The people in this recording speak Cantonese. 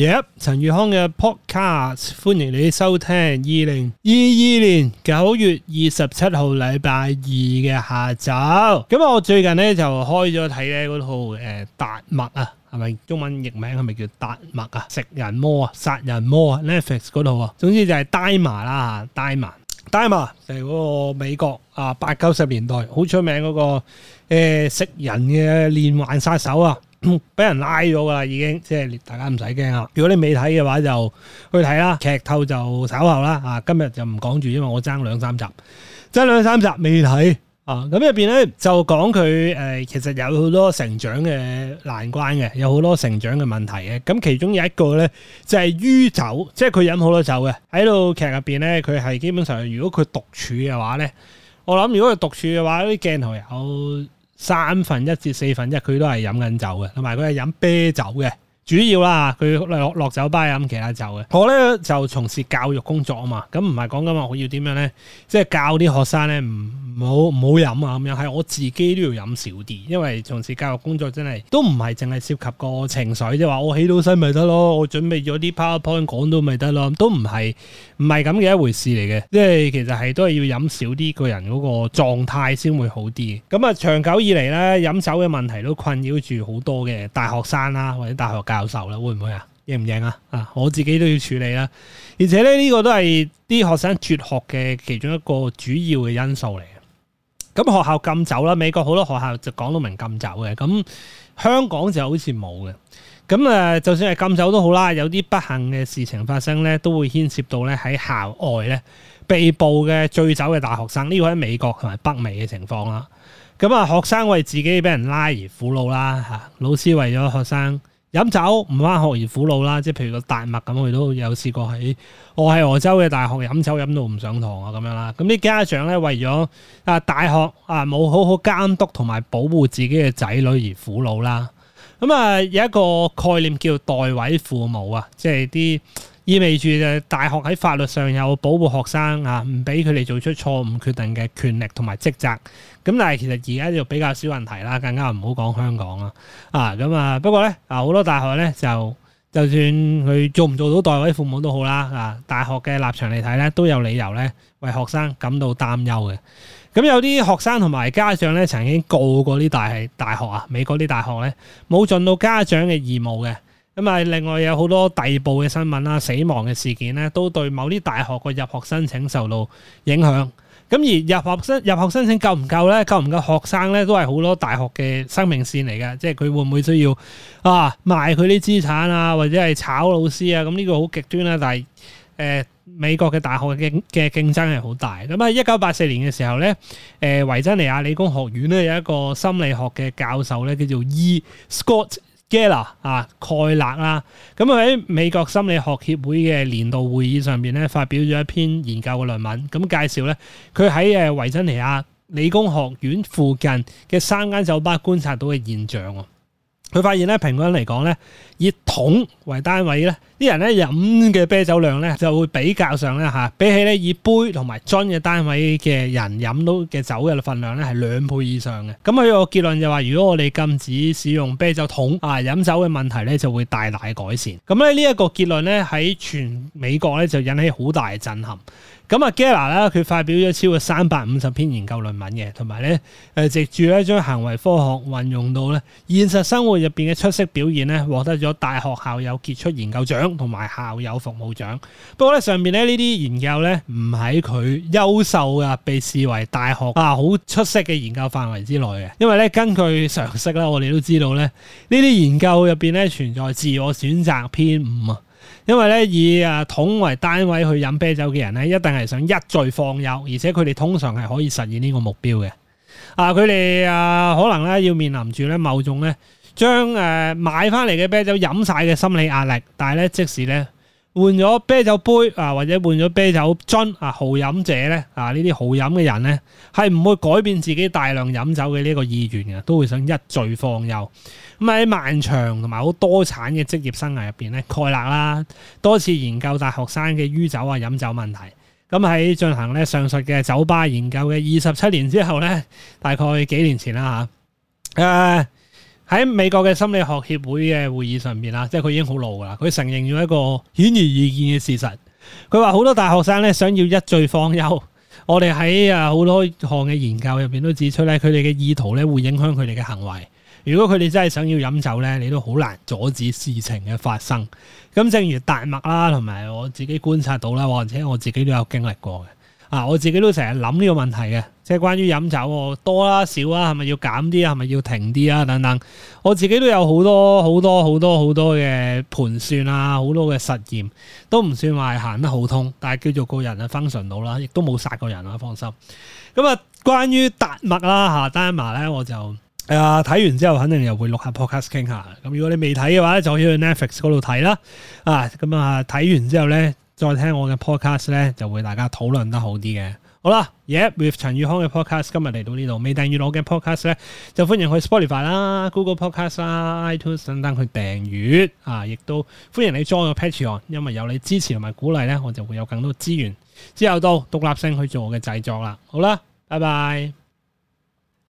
Yep，陳宇康嘅 podcast，歡迎你收聽年9月27星期二零二二年九月二十七號禮拜二嘅下晝。咁啊，我最近咧就開咗睇咧套誒《達、呃、默》麥啊，係咪中文譯名係咪叫《達默》啊？食人魔啊，殺人魔啊，Netflix 嗰套啊，總之就係《Dahmer》啦，《Dahmer》《Dahmer》就係嗰個美國啊八九十年代好出名嗰、嗰個誒、呃、食人嘅連環殺手啊！俾 人拉咗噶啦，已經即係大家唔使驚啊。如果你未睇嘅話，就去睇啦。劇透就稍後啦。啊，今日就唔講住，因為我爭兩三集，爭兩三集未睇啊。咁入邊咧就講佢誒，其實有好多成長嘅難關嘅，有好多成長嘅問題嘅。咁其中有一個咧就係、是、酗酒，即係佢飲好多酒嘅。喺度劇入邊咧，佢係基本上如果佢獨處嘅話咧，我諗如果佢獨處嘅話，啲鏡頭有。三分一至四分一，佢都係飲緊酒嘅，同埋佢係飲啤酒嘅。主要啦，佢落落酒吧飲其他酒嘅。我咧就從事教育工作啊嘛，咁唔係講緊話，我要點樣咧？即係教啲學生咧，唔好唔好飲啊咁樣。係我自己都要飲少啲，因為從事教育工作真係都唔係淨係涉及個情緒即係話，就是、我起到身咪得咯，我準備咗啲 PowerPoint 講到咪得咯，都唔係唔係咁嘅一回事嚟嘅。即、就、係、是、其實係都係要飲少啲，個人嗰個狀態先會好啲。咁啊，長久以嚟咧，飲酒嘅問題都困擾住好多嘅大學生啦，或者大學教，教授啦，會唔會啊？認唔認啊？啊，我自己都要處理啦、啊。而且咧，呢、這個都係啲學生輟學嘅其中一個主要嘅因素嚟嘅。咁、嗯、學校禁酒啦，美國好多學校就講到明禁酒嘅，咁、嗯、香港就好似冇嘅。咁、嗯、誒，就算係禁酒都好啦，有啲不幸嘅事情發生咧，都會牽涉到咧喺校外咧被捕嘅醉酒嘅大學生。呢、這個喺美國同埋北美嘅情況啦。咁、嗯、啊，學生為自己俾人拉而苦惱啦，吓、啊、老師為咗學生。飲酒唔返學而苦惱啦，即係譬如個大麥咁，佢都有試過喺我喺俄州嘅大學飲酒飲到唔上堂啊咁樣啦。咁啲家長咧為咗啊大學啊冇好好監督同埋保護自己嘅仔女而苦惱啦。咁啊有一個概念叫代位父母啊，即係啲。意味住就大學喺法律上有保護學生啊，唔俾佢哋做出錯誤決定嘅權力同埋職責。咁但係其實而家就比較少人提啦，更加唔好講香港啦。啊，咁啊，不過咧啊，好多大學咧就就算佢做唔做到代位父母都好啦。啊，大學嘅立場嚟睇咧，都有理由咧為學生感到擔憂嘅。咁有啲學生同埋家長咧曾經告過啲大大學啊，美國啲大學咧冇盡到家長嘅義務嘅。咁啊，另外有好多第二報嘅新聞啦，死亡嘅事件呢，都對某啲大學嘅入學申請受到影響。咁而入學申入學申請夠唔夠呢？夠唔夠學生呢？都係好多大學嘅生命線嚟嘅，即係佢會唔會需要啊賣佢啲資產啊，或者係炒老師啊？咁呢個好極端啦。但係誒、呃，美國嘅大學嘅競嘅競爭係好大。咁啊，一九八四年嘅時候呢，誒、呃、維珍尼亞理工學院呢，有一個心理學嘅教授呢，叫做 E. Scott。Geller 啊，蓋勒啦，咁佢喺美國心理學協會嘅年度會議上面咧，發表咗一篇研究嘅論文，咁介紹咧，佢喺誒維珍尼亞理工學院附近嘅三間酒吧觀察到嘅現象。佢發現咧，平均嚟講咧，以桶為單位咧，啲人咧飲嘅啤酒量咧就會比較上咧嚇，比起咧以杯同埋樽嘅單位嘅人飲到嘅酒嘅份量咧係兩倍以上嘅。咁佢個結論就話，如果我哋禁止使用啤酒桶啊飲酒嘅問題咧，就會大大改善。咁咧呢一個結論咧喺全美國咧就引起好大嘅震撼。咁啊，Geller 啦，佢發表咗超過三百五十篇研究論文嘅，同埋咧，誒，藉住咧將行為科學運用到咧現實生活入面嘅出色表現咧，獲得咗大學校友傑出研究獎同埋校友服務獎。不過咧，上面咧呢啲研究咧唔喺佢優秀呀、被視為大學啊好出色嘅研究範圍之內嘅，因為咧根據常識啦，我哋都知道咧呢啲研究入面咧存在自我選擇偏誤啊。因為咧以啊桶為單位去飲啤酒嘅人咧，一定係想一醉方休，而且佢哋通常係可以實現呢個目標嘅。啊，佢哋啊可能咧要面臨住咧某種咧將誒、啊、買翻嚟嘅啤酒飲晒嘅心理壓力，但係咧即使呢。咧。換咗啤酒杯啊，或者換咗啤酒樽啊，豪飲者咧啊，飲呢啲豪飲嘅人咧，係唔會改變自己大量飲酒嘅呢個意願嘅，都會想一醉方休。咁喺漫長同埋好多產嘅職業生涯入邊咧，蓋勒啦多次研究大學生嘅酗酒啊、飲酒問題。咁喺進行咧上述嘅酒吧研究嘅二十七年之後咧，大概幾年前啦吓，誒、啊。喺美國嘅心理學協會嘅會議上面，啦，即係佢已經好老噶啦，佢承認咗一個顯而易見嘅事實，佢話好多大學生咧想要一醉方休，我哋喺啊好多項嘅研究入邊都指出咧，佢哋嘅意圖咧會影響佢哋嘅行為。如果佢哋真係想要飲酒咧，你都好難阻止事情嘅發生。咁正如大麥啦，同埋我自己觀察到啦，或者我自己都有經歷過嘅。啊！我自己都成日諗呢個問題嘅，即係關於飲酒多啦少啦，係咪要減啲，係咪要停啲啊等等。我自己都有好多好多好多好多嘅盤算啊，好多嘅實驗都唔算話行得好通，但係叫做個人啊 function 到啦，亦都冇殺過人啊，放心。咁啊，關於達麥啦嚇丹麥咧，我就誒睇、啊、完之後肯定又會錄下 podcast 傾下。咁、啊、如果你未睇嘅話，就可以去 Netflix 嗰度睇啦。啊，咁啊睇完之後咧。再聽我嘅 podcast 咧，就會大家討論得好啲嘅。好啦，e、yeah, p with 陳宇康、uh、嘅 podcast 今日嚟到呢度，未訂閱我嘅 podcast 咧，就歡迎去 Spotify 啦、Google Podcast 啦啊、iTunes 等等去訂閱啊，亦都歡迎你 join 我個 Patreon，因為有你支持同埋鼓勵咧，我就會有更多資源，之後到獨立性去做我嘅製作啦。好啦，拜拜。